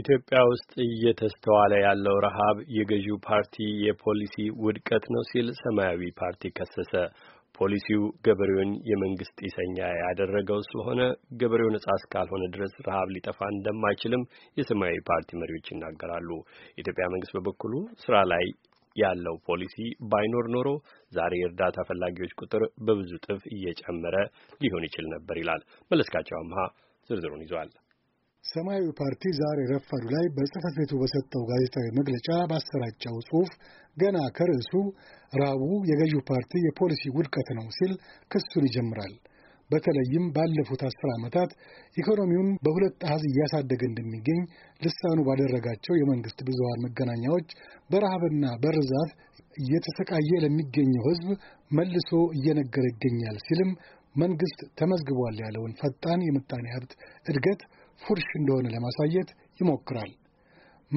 ኢትዮጵያ ውስጥ እየተስተዋለ ያለው ረሃብ የገዢው ፓርቲ የፖሊሲ ውድቀት ነው ሲል ሰማያዊ ፓርቲ ከሰሰ። ፖሊሲው ገበሬውን የመንግስት ጢሰኛ ያደረገው ስለሆነ ገበሬው ነጻ እስካልሆነ ድረስ ረሃብ ሊጠፋ እንደማይችልም የሰማያዊ ፓርቲ መሪዎች ይናገራሉ። የኢትዮጵያ መንግስት በበኩሉ ስራ ላይ ያለው ፖሊሲ ባይኖር ኖሮ ዛሬ የእርዳታ ፈላጊዎች ቁጥር በብዙ ጥፍ እየጨመረ ሊሆን ይችል ነበር ይላል። መለስካቸው አምሃ ዝርዝሩን ይዟል። ሰማያዊ ፓርቲ ዛሬ ረፋዱ ላይ በጽህፈት ቤቱ በሰጠው ጋዜጣዊ መግለጫ ባሰራጨው ጽሑፍ ገና ከርዕሱ ራቡ የገዢው ፓርቲ የፖሊሲ ውድቀት ነው ሲል ክሱን ይጀምራል። በተለይም ባለፉት አስር ዓመታት ኢኮኖሚውን በሁለት አሃዝ እያሳደገ እንደሚገኝ ልሳኑ ባደረጋቸው የመንግሥት ብዙሃን መገናኛዎች በረሃብና በርዛት እየተሰቃየ ለሚገኘው ሕዝብ መልሶ እየነገረ ይገኛል ሲልም መንግሥት ተመዝግቧል ያለውን ፈጣን የምጣኔ ሀብት እድገት ፉርሽ እንደሆነ ለማሳየት ይሞክራል።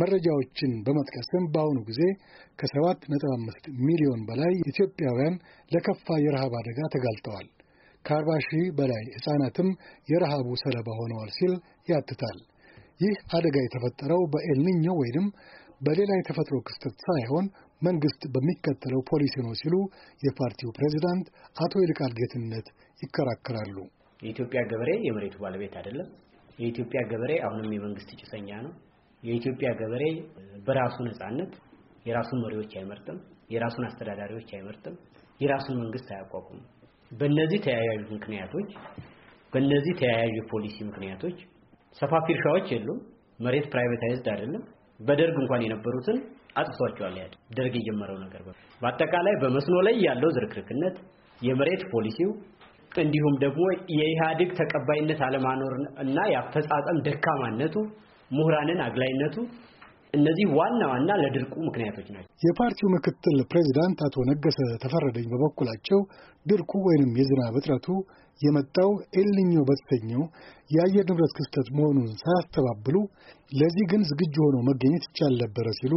መረጃዎችን በመጥቀስም በአሁኑ ጊዜ ከ 75 ሚሊዮን በላይ ኢትዮጵያውያን ለከፋ የረሃብ አደጋ ተጋልጠዋል። ከ ሺህ በላይ ሕፃናትም የረሃቡ ሰለባ ሆነዋል ሲል ያትታል። ይህ አደጋ የተፈጠረው በኤልኒኞ ወይንም በሌላ የተፈጥሮ ክስተት ሳይሆን መንግሥት በሚከተለው ፖሊሲ ነው ሲሉ የፓርቲው ፕሬዚዳንት አቶ ይልቃል ጌትነት ይከራከራሉ። የኢትዮጵያ ገበሬ የመሬቱ ባለቤት አይደለም። የኢትዮጵያ ገበሬ አሁንም የመንግስት ጭሰኛ ነው። የኢትዮጵያ ገበሬ በራሱ ነፃነት የራሱን መሪዎች አይመርጥም፣ የራሱን አስተዳዳሪዎች አይመርጥም፣ የራሱን መንግስት አያቋቁም። በእነዚህ ተያያዥ ምክንያቶች በእነዚህ ተያያዥ ፖሊሲ ምክንያቶች ሰፋፊ እርሻዎች የሉም። መሬት ፕራይቬታይዝድ አይደለም። በደርግ እንኳን የነበሩትን አጥፍቷቸዋል። ያ ደርግ የጀመረው ነገር በአጠቃላይ በመስኖ ላይ ያለው ዝርክርክነት የመሬት ፖሊሲው እንዲሁም ደግሞ የኢህአዴግ ተቀባይነት አለማኖር እና የአፈጻጸም ደካማነቱ፣ ምሁራንን አግላይነቱ እነዚህ ዋና ዋና ለድርቁ ምክንያቶች ናቸው። የፓርቲው ምክትል ፕሬዚዳንት አቶ ነገሰ ተፈረደኝ በበኩላቸው ድርቁ ወይንም የዝናብ እጥረቱ የመጣው ኤልኒኞ በተሰኘው የአየር ንብረት ክስተት መሆኑን ሳያስተባብሉ ለዚህ ግን ዝግጁ ሆኖ መገኘት ይቻል ነበረ ሲሉ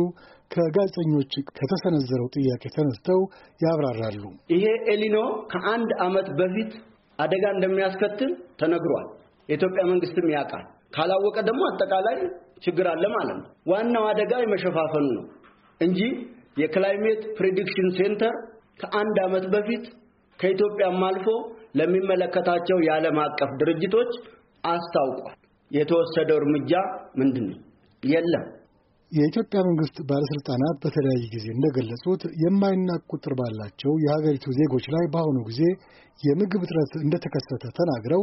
ከጋዜጠኞች ከተሰነዘረው ጥያቄ ተነስተው ያብራራሉ። ይሄ ኤሊኖ ከአንድ ዓመት በፊት አደጋ እንደሚያስከትል ተነግሯል። የኢትዮጵያ መንግስትም ያውቃል። ካላወቀ ደግሞ አጠቃላይ ችግር አለ ማለት ነው። ዋናው አደጋ የመሸፋፈኑ ነው እንጂ የክላይሜት ፕሬዲክሽን ሴንተር ከአንድ ዓመት በፊት ከኢትዮጵያም አልፎ ለሚመለከታቸው የዓለም አቀፍ ድርጅቶች አስታውቋል። የተወሰደው እርምጃ ምንድን ነው? የለም። የኢትዮጵያ መንግስት ባለስልጣናት በተለያየ ጊዜ እንደገለጹት የማይናቅ ቁጥር ባላቸው የሀገሪቱ ዜጎች ላይ በአሁኑ ጊዜ የምግብ እጥረት እንደተከሰተ ተናግረው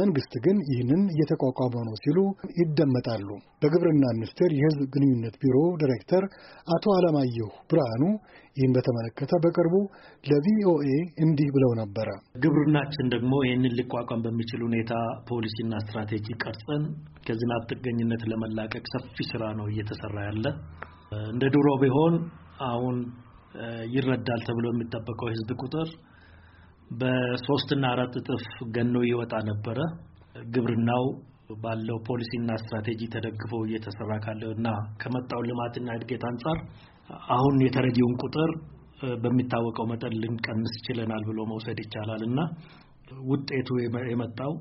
መንግስት ግን ይህንን እየተቋቋመ ነው ሲሉ ይደመጣሉ። በግብርና ሚኒስቴር የህዝብ ግንኙነት ቢሮ ዲሬክተር አቶ አለማየሁ ብርሃኑ ይህን በተመለከተ በቅርቡ ለቪኦኤ እንዲህ ብለው ነበረ። ግብርናችን ደግሞ ይህንን ሊቋቋም በሚችል ሁኔታ ፖሊሲና ስትራቴጂ ቀርጸን ከዝናብ ጥገኝነት ለመላቀቅ ሰፊ ስራ ነው እየተሰራ ያለ። እንደ ድሮ ቢሆን አሁን ይረዳል ተብሎ የሚጠበቀው የህዝብ ቁጥር በሶስትና አራት እጥፍ ገኖ ይወጣ ነበረ። ግብርናው ባለው ፖሊሲና ስትራቴጂ ተደግፎ እየተሰራ ካለው እና ከመጣው ልማትና እድገት አንጻር አሁን የተረጂውን ቁጥር በሚታወቀው መጠን ልንቀንስ ችለናል ብሎ መውሰድ ይቻላል እና ውጤቱ የመጣው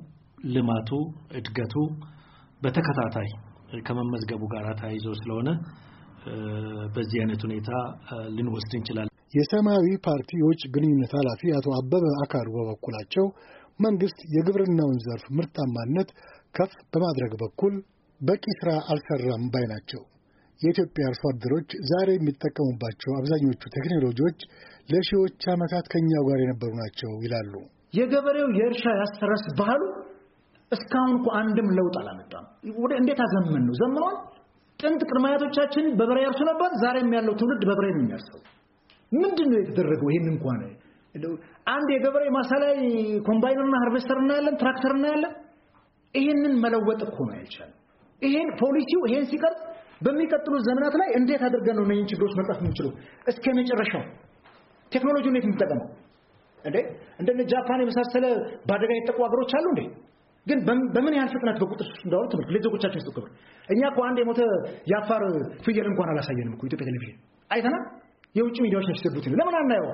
ልማቱ እድገቱ በተከታታይ ከመመዝገቡ ጋር ተያይዞ ስለሆነ በዚህ አይነት ሁኔታ ልንወስድ እንችላለን። የሰማያዊ ፓርቲ የውጭ ግንኙነት ኃላፊ አቶ አበበ አካሉ በበኩላቸው መንግሥት የግብርናውን ዘርፍ ምርታማነት ከፍ በማድረግ በኩል በቂ ሥራ አልሠራም ባይ ናቸው። የኢትዮጵያ አርሶ አደሮች ዛሬ የሚጠቀሙባቸው አብዛኞቹ ቴክኖሎጂዎች ለሺዎች ዓመታት ከእኛው ጋር የነበሩ ናቸው ይላሉ። የገበሬው የእርሻ ያሰረስ ባህሉ እስካሁን እኮ አንድም ለውጥ አላመጣም። ወደ እንዴት አዘመን ነው? ዘምኗል። ጥንት ቅድማያቶቻችን በበሬ ያርሱ ነበር። ዛሬም ያለው ትውልድ በበሬ ነው የሚያርሰው። ምንድን ነው የተደረገው? ይሄን እንኳን አንድ የገበሬ ማሳ ላይ ኮምባይነርና ሃርቨስተር እናያለን፣ ትራክተር እናያለን። ይሄንን መለወጥ እኮ ነው ያልቻለ። ይሄን ፖሊሲው ይሄን ሲቀርጽ በሚቀጥሉት ዘመናት ላይ እንዴት አድርገን ነው እነዚህን ችግሮች መቅረፍ የምንችለው? እስከ መጨረሻው ቴክኖሎጂ እንዴት የምንጠቀመው? እንዴ እንደነ ጃፓን የመሳሰለ በአደጋ የተጠቁ ሀገሮች አሉ እንዴ? ግን በምን ያህል ፍጥነት በቁጥር እንዳወሩ ትምህርት ለዜጎቻችን ስትከብር እኛ እኮ አንድ የሞተ የአፋር ፍየል እንኳን አላሳየንም እኮ ኢትዮጵያ ቴሌቪዥን አይተናል። የውጭ ሚዲያዎች ያስገቡት ነው። ለምን አናየው?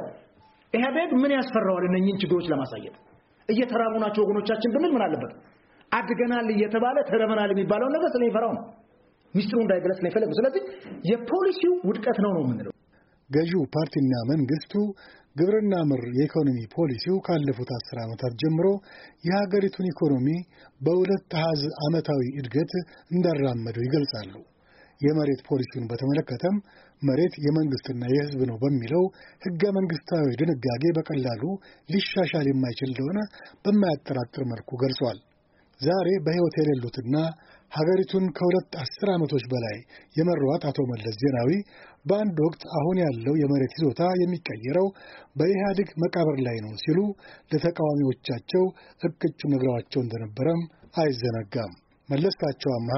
ኢህአዴግ ምን ያስፈራዋል? እነኝህን ችግሮች ለማሳየት እየተራቡ ናቸው ወገኖቻችን ብንል ምን አለበት? አድገናል እየተባለ ተረመናል የሚባለውን ነገር ስለሚፈራው ነው። ሚስጥሩ እንዳይገለጽ ነው የፈለገው። ስለዚህ የፖሊሲው ውድቀት ነው ነው የምንለው። ገዢው ፓርቲና መንግስቱ ግብርና ምር የኢኮኖሚ ፖሊሲው ካለፉት አስር ዓመታት ጀምሮ የሀገሪቱን ኢኮኖሚ በሁለት አሃዝ ዓመታዊ እድገት እንዳራመደው ይገልጻሉ። የመሬት ፖሊሲውን በተመለከተም መሬት የመንግስትና የህዝብ ነው በሚለው ህገ መንግስታዊ ድንጋጌ በቀላሉ ሊሻሻል የማይችል እንደሆነ በማያጠራጥር መልኩ ገልጿል። ዛሬ በሕይወት የሌሉትና ሀገሪቱን ከሁለት አስር ዓመቶች በላይ የመሯት አቶ መለስ ዜናዊ በአንድ ወቅት አሁን ያለው የመሬት ይዞታ የሚቀየረው በኢህአዴግ መቃብር ላይ ነው ሲሉ ለተቃዋሚዎቻቸው እቅጩ ነግረዋቸው እንደነበረም አይዘነጋም። መለስካቸው አምሃ